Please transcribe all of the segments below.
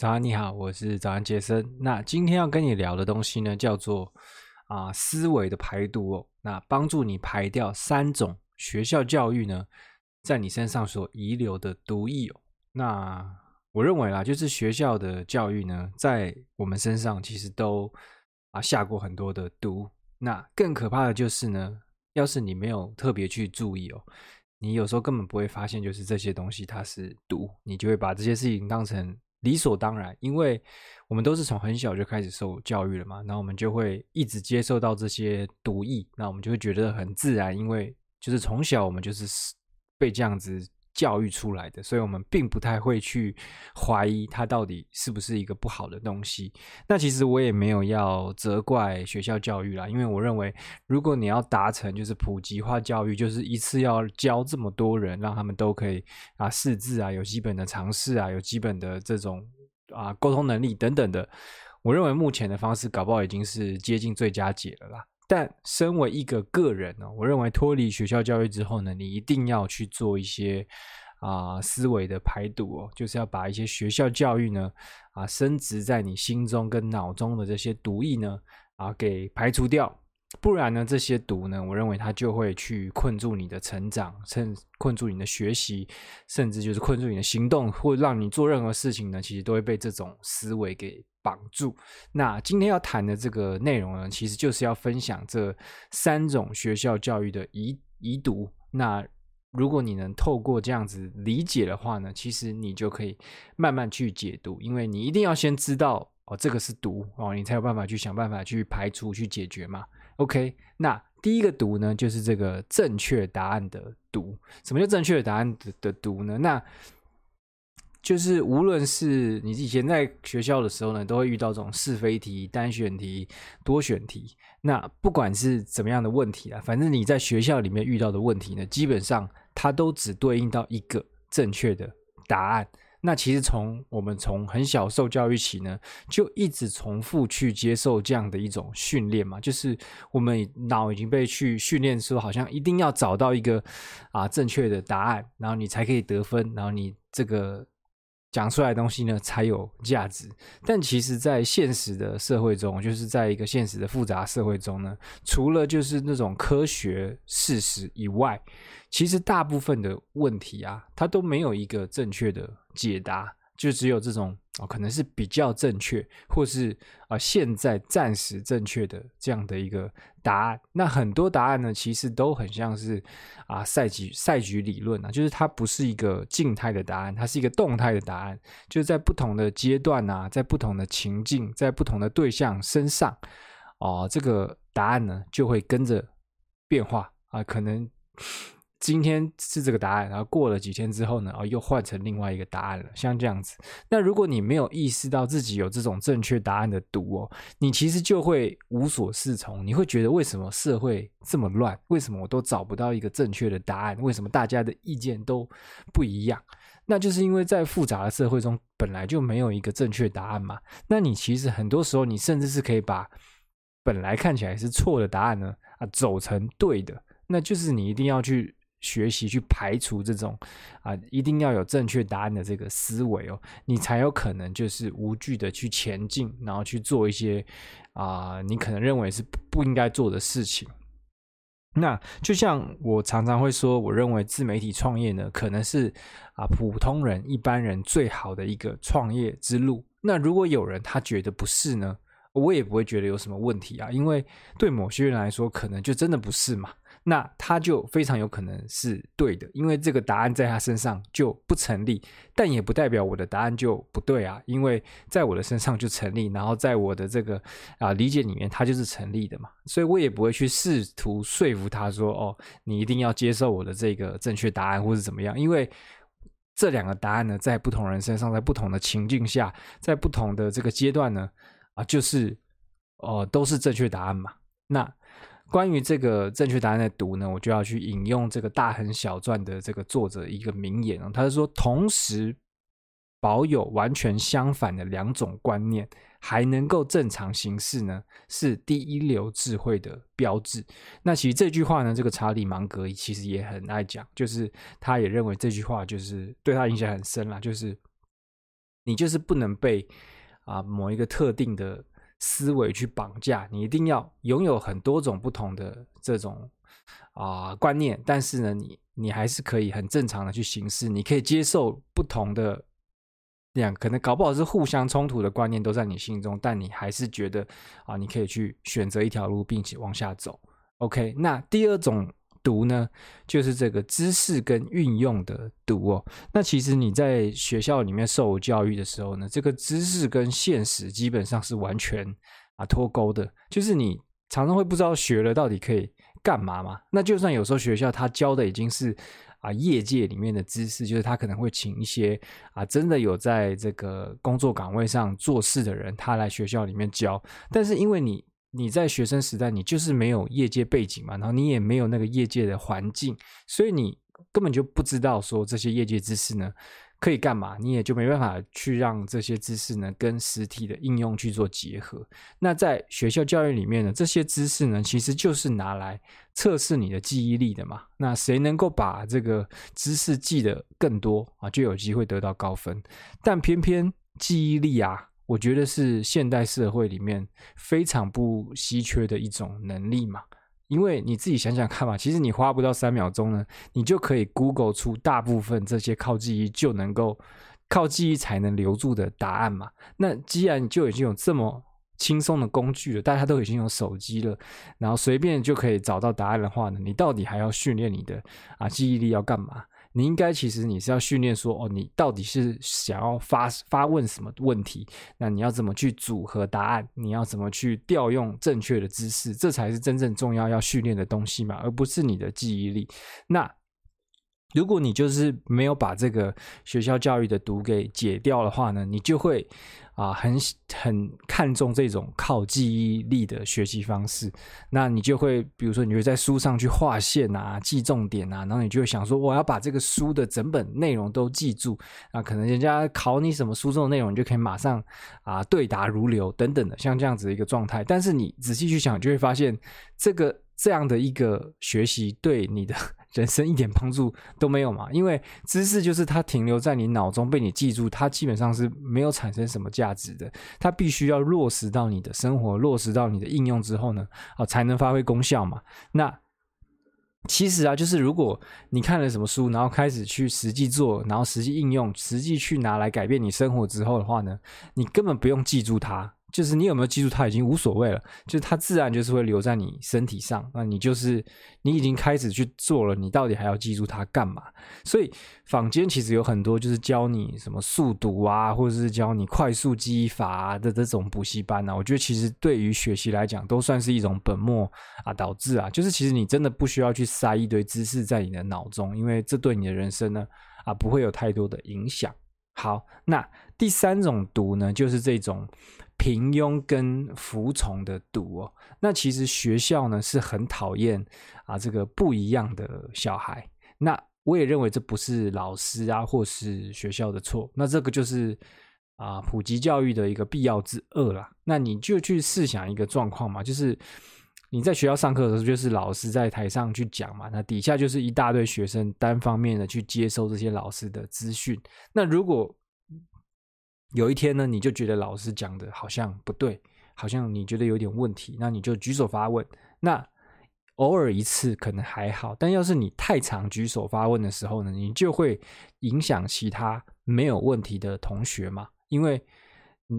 早安你好，我是早安傑森。那今天要跟你聊的東西呢，叫做啊思維的排毒哦。那幫助你排掉三種學校教育呢，在你身上所遺留的毒液哦。那我認為啦，就是學校的教育呢，在我們身上其實都啊下過很多的毒。那更可怕的就是呢，要是你沒有特別去注意哦，你有時候根本不會發現，就是這些東西它是毒，你就會把這些事情當成。理所當然，因為我們都是從很小就開始受教育了嘛，那我們就會一直接受到這些毒液，那我們就會覺得很自然，因為就是從小我們就是被這樣子。教育出來的，所以我們並不太會去懷疑它到底是不是一個不好的東西。那其實我也沒有要責怪學校教育啦，因為我認為，如果你要達成就是普及化教育，就是一次要教這麼多人，讓他們都可以啊識字啊，有基本的嘗試啊，有基本的這種啊溝通能力等等的，我認為目前的方式搞不好已經是接近最佳解了啦。但身為一個個人呢、哦，我認為脫離學校教育之後呢，你一定要去做一些啊、呃、思維的排毒哦，就是要把一些學校教育呢啊深植在你心中跟腦中的這些毒液呢啊給排除掉。不然呢，這些毒呢，我認為它就會去困住你的成長，甚至困住你的學習，甚至就是困住你的行動，或讓你做任何事情呢，其實都會被這種思維給綁住。那今天要談的這個內容呢，其實就是要分享這三種學校教育的遺遺毒。那如果你能透過這樣子理解的話呢，其實你就可以慢慢去解毒，因為你一定要先知道哦，這個是毒哦，你才有辦法去想辦法去排除，去解決嘛。OK，那第一個毒呢，就是這個正確答案的毒。什麼叫正確答案的、的毒呢？那就是無論是你以前在學校的時候呢，都會遇到這種是非題、單選題、多選題。那不管是怎麼樣的問題啊，反正你在學校裡面遇到的問題呢，基本上它都只對應到一個正確的答案。那其實從我們從很小受教育起呢，就一直重複去接受這樣的一種訓練嘛，就是我們腦已經被去訓練說，好像一定要找到一個啊正確的答案，然後你才可以得分，然後你這個。講出來的東西呢才有價值，但其實，在現實的社會中，就是在一個現實的複雜社會中呢，除了就是那種科學事實以外，其實大部分的問題啊，它都沒有一個正確的解答。就只有這種、哦、可能是比較正確，或是、呃、現在暫時正確的這樣的一個答案。那很多答案呢，其實都很像是、呃、賽，局賽局理論賽局、賽局理論、啊、就是它不是一個靜態的答案，它是一個動態的答案。就是在不同的階段啊，在不同的情境，在不同的對象身上，哦、呃，這個答案呢就會跟着變化啊、呃，可能。今天是這個答案，然後過了幾天之後呢，哦，又換成另外一個答案了，像這樣子。那如果你沒有意識到自己有這種正確答案的毒哦，你其實就會無所適從。你會覺得為什麼社會這麼亂？為什麼我都找不到一個正確的答案？為什麼大家的意見都不一樣？那就是因為在複雜的社會中，本來就沒有一個正確答案嘛。那你其實很多時候，你甚至是可以把本來看起來是錯的答案呢，啊，走成對的。那就是你一定要去。學習去排除這種啊，一定要有正確答案的這個思維哦，你才有可能就是無懼的去前進，然後去做一些啊、呃，你可能認為是不應該做的事情。那就像我常常會說，我認為自媒體創業呢，可能是啊普通人、一般人最好的一個創業之路。那如果有人他覺得不是呢，我也不會覺得有什麼問題啊，因為對某些人來說，可能就真的不是嘛。那他就非常有可能是對的，因為這個答案在他身上就不成立，但也不代表我的答案就不對啊，因為在我的身上就成立，然後在我的這個啊、呃、理解裡面，他就是成立的嘛，所以我也不會去試圖說服他說：“哦，你一定要接受我的這個正確答案，或是怎麼樣？”因為這兩個答案呢，在不同人身上，在不同的情境下，在不同的這個階段呢，啊、呃，就是哦、呃，都是正確答案嘛。那。關於這個正確答案的毒呢，我就要去引用這個大亨小傳的這個作者一個名言哦，他是說，同時保有完全相反的兩種觀念，還能夠正常行事呢，是第一流智慧的標誌。那其實這句話呢，這個查理芒格其實也很愛講，就是他也認為這句話就是對他影響很深了，就是你就是不能被啊、呃、某一個特定的。思維去綁架你，一定要擁有很多種不同的這種啊、呃、觀念，但是呢，你你還是可以很正常的去行事，你可以接受不同的兩可能，搞不好是互相衝突的觀念都在你心中，但你還是覺得啊、呃，你可以去選擇一條路，並且往下走。OK，那第二種。毒呢，就是這個知識跟運用的毒哦。那其實你在學校裡面受教育的時候呢，這個知識跟現實基本上是完全啊脫鈎的，就是你常常會不知道學了到底可以幹嘛嘛。那就算有時候學校他教的已經是啊業界裡面的知識，就是他可能會請一些啊真的有在這個工作崗位上做事的人，他來學校裡面教，但是因為你。你在學生時代，你就是沒有業界背景嘛，然後你也沒有那個業界的環境，所以你根本就不知道說這些業界知識呢可以幹嘛，你也就沒辦法去讓這些知識呢跟實體的應用去做結合。那在學校教育裡面呢，這些知識呢其實就是拿來測試你的記憶力的嘛。那誰能夠把這個知識記得更多啊，就有機會得到高分。但偏偏記憶力啊。我覺得是現代社會裡面非常不稀缺的一種能力嘛，因為你自己想想看嘛，其實你花不到三秒鐘呢，你就可以 Google 出大部分這些靠記憶就能夠、靠記憶才能留住的答案嘛。那既然你就已經有這麼輕鬆的工具了，大家都已經有手機了，然後隨便就可以找到答案的話呢，你到底還要訓練你的啊記憶力要幹嘛？你應該其實你是要訓練說哦，你到底是想要發發問什麼問題？那你要怎麼去組合答案？你要怎麼去調用正確的知識？這才是真正重要要訓練的東西嘛，而不是你的記憶力。那。如果你就是沒有把這個學校教育的毒給解掉的話呢，你就會啊很很看重這種靠記憶力的學習方式。那你就會，比如說，你會在書上去劃線啊、記重點啊，然後你就會想說，我要把這個書的整本內容都記住啊，可能人家考你什麼書中的內容，你就可以馬上啊對答如流等等的，像這樣子的一個狀態。但是你仔細去想，你就會發現這個這樣的一個學習對你的。人生一點幫助都沒有嘛。因為知識就是它停留在你腦中被你記住，它基本上是沒有產生什麼價值的。它必須要落實到你的生活，落實到你的應用之後呢，啊，才能發揮功效嘛。那其實啊，就是如果你看了什麼書，然後開始去實際做，然後實際應用，實際去拿來改變你生活之後的話呢，你根本不用記住它。就是你有沒有記住它已經無所謂了，就是它自然就是會留在你身體上。那你就是你已經開始去做了，你到底還要記住它幹嘛？所以坊間其實有很多就是教你什麼速讀啊，或者是教你快速記憶法、啊、的這種補習班呢、啊。我覺得其實對於學習來講，都算是一種本末啊倒置啊，就是其實你真的不需要去塞一堆知識在你的腦中，因為這對你的人生呢啊不會有太多的影響。好，那第三種毒呢，就是這種。平庸跟服從的毒哦，那其實學校呢是很討厭啊這個不一樣的小孩。那我也認為這不是老師啊或是學校的錯，那這個就是啊普及教育的一個必要之惡啦，那你就去試想一個狀況嘛，就是你在學校上課的時候，就是老師在台上去講嘛，那底下就是一大堆學生單方面的去接收這些老師的資訊。那如果有一天呢，你就覺得老師講的好像不對，好像你覺得有點問題，那你就舉手發問。那偶爾一次可能還好，但要是你太常舉手發問的時候呢，你就會影響其他沒有問題的同學嘛。因為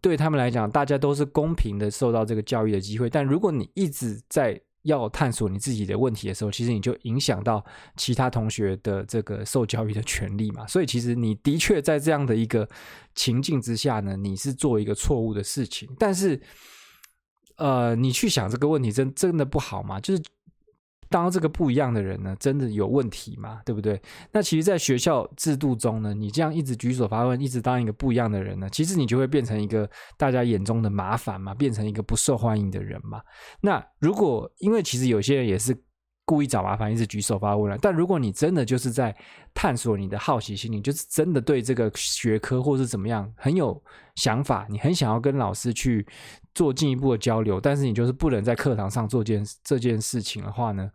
對他們來講，大家都是公平的受到這個教育的機會，但如果你一直在。要探索你自己的問題的時候，其實你就影響到其他同學的這個受教育的權利嘛。所以，其實你的確在這樣的一個情境之下呢，你是做一個錯誤的事情。但是，呃，你去想這個問題真，真真的不好嗎？就是。當這個不一樣的人呢，真的有問題嘛？對不對？那其實，在學校制度中呢，你這樣一直舉手發問，一直當一個不一樣的人呢，其實你就會變成一個大家眼中的麻煩嘛，變成一個不受歡迎的人嘛。那如果因為其實有些人也是。故意找麻煩，一直舉手發問了。但如果你真的就是在探索你的好奇心，你就是真的對這個學科或是怎麼樣很有想法，你很想要跟老師去做進一步的交流，但是你就是不能在課堂上做件這件事情的話呢，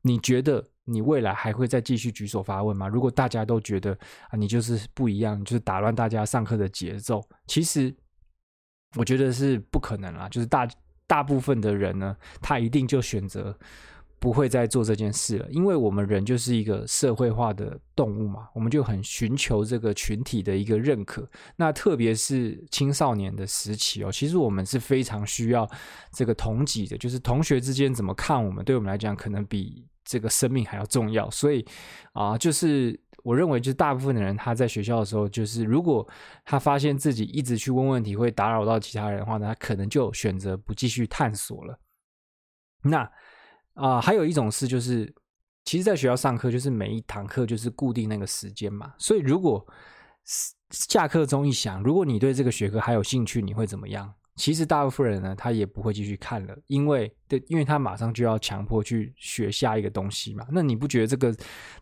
你覺得你未來還會再繼續舉手發問嗎？如果大家都覺得啊，你就是不一樣，就是打亂大家上課的節奏，其實我覺得是不可能啦。就是大大部分的人呢，他一定就選擇。不會再做這件事了，因為我們人就是一個社會化的動物嘛，我們就很尋求這個群體的一個認可。那特別是青少年的時期哦，其實我們是非常需要這個同儕的，就是同學之間怎麼看我們，對我們來講可能比這個生命還要重要。所以啊、呃，就是我認為，就是大部分的人他在學校的時候，就是如果他發現自己一直去問問題會打擾到其他人的話呢，他可能就選擇不繼續探索了。那。啊、呃，還有一種是，就是，其實在學校上課，就是每一堂課就是固定那個時間嘛。所以如果下課鐘一響，如果你對這個學科還有興趣，你會怎麼樣？其實大部分人呢，他也不會繼續看了，因為，對，因為他馬上就要強迫去學下一個東西嘛。那你不覺得這個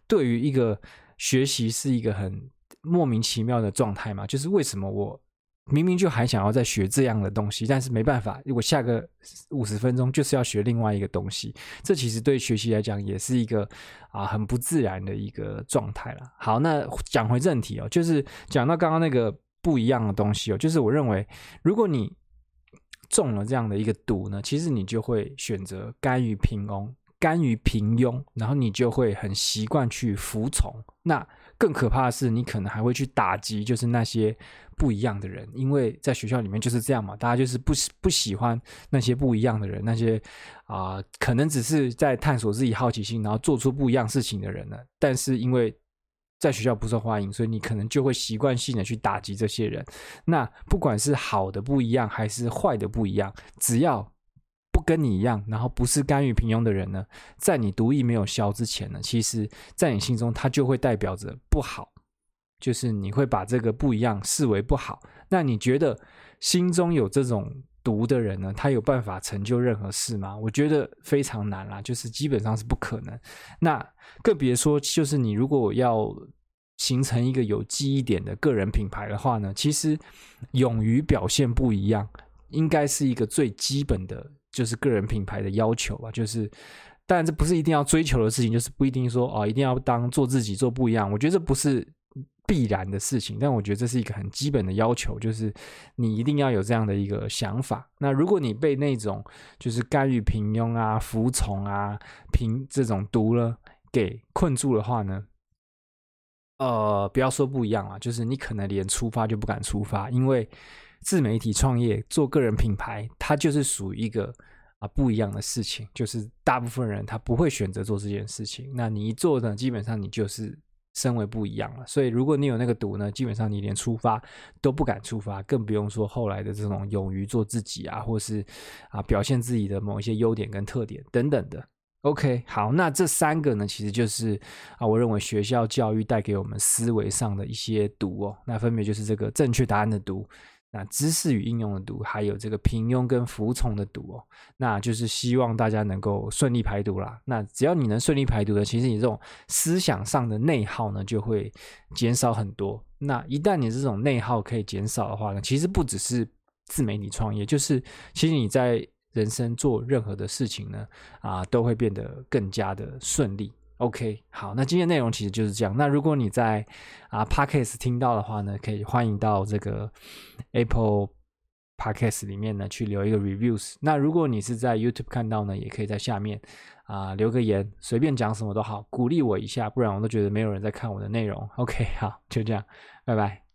對於一個學習是一個很莫名其妙的狀態嗎？就是為什麼我？明明就還想要再學這樣的東西，但是沒辦法，如果下個五十分鐘就是要學另外一個東西。這其實對學習來講也是一個啊很不自然的一個狀態了。好，那講回正題哦，就是講到剛剛那個不一樣的東西哦，就是我認為，如果你中了這樣的一個毒呢，其實你就會選擇甘於平庸。甘於平庸，然後你就會很習慣去服從。那更可怕的是，你可能還會去打擊，就是那些不一樣的人，因為在學校裡面就是這樣嘛，大家就是不不喜歡那些不一樣的人，那些啊、呃，可能只是在探索自己好奇心，然後做出不一樣事情的人呢。但是因為在學校不受歡迎，所以你可能就會習慣性的去打擊這些人。那不管是好的不一樣，還是壞的不一樣，只要跟你一樣，然後不是甘於平庸的人呢，在你毒液沒有消之前呢，其實，在你心中，它就會代表着不好，就是你會把這個不一樣視為不好。那你覺得，心中有這種毒的人呢，他有辦法成就任何事嗎？我覺得非常難啦，就是基本上是不可能。那更別說，就是你如果要形成一個有記憶點的個人品牌的話呢，其實，勇於表現不一樣，應該是一個最基本的。就是個人品牌的要求吧，就是當然這不是一定要追求的事情，就是不一定說哦，一定要當做自己做不一樣。我覺得這不是必然的事情，但我覺得這是一個很基本的要求，就是你一定要有這樣的一個想法。那如果你被那種就是甘於平庸啊、服從啊、平這種毒了給困住的話呢，呃，不要說不一樣啊，就是你可能連出發就不敢出發，因為。自媒體創業做個人品牌，它就是屬於一個啊，不一樣的事情。就是大部分人他不會選擇做這件事情，那你一做呢，基本上你就是身為不一樣了。所以如果你有那個毒呢，基本上你連出發都不敢出發，更不用說後來的這種勇於做自己啊，或是啊，表現自己的某一些優點跟特點等等的。OK，好，那這三個呢，其實就是啊，我認為學校教育帶給我們思維上的一些毒哦。那分別就是這個正確答案的毒。那知識與應用的毒，還有這個平庸跟服從的毒哦，那就是希望大家能夠順利排毒啦。那只要你能順利排毒的，其實你這種思想上的內耗呢，就會減少很多。那一旦你這種內耗可以減少的話呢，其實不只是自媒體創業，就是其實你在人生做任何的事情呢，啊，都會變得更加的順利。OK，好，那今天的內容其實就是這樣。那如果你在啊 Podcast 聽到的話呢，可以歡迎到這個 Apple Podcast 裡面呢去留一個 reviews。那如果你是在 YouTube 看到呢，也可以在下面啊、呃、留個言，隨便講什麼都好，鼓勵我一下，不然我都覺得沒有人在看我的內容。OK，好，就這樣，拜拜。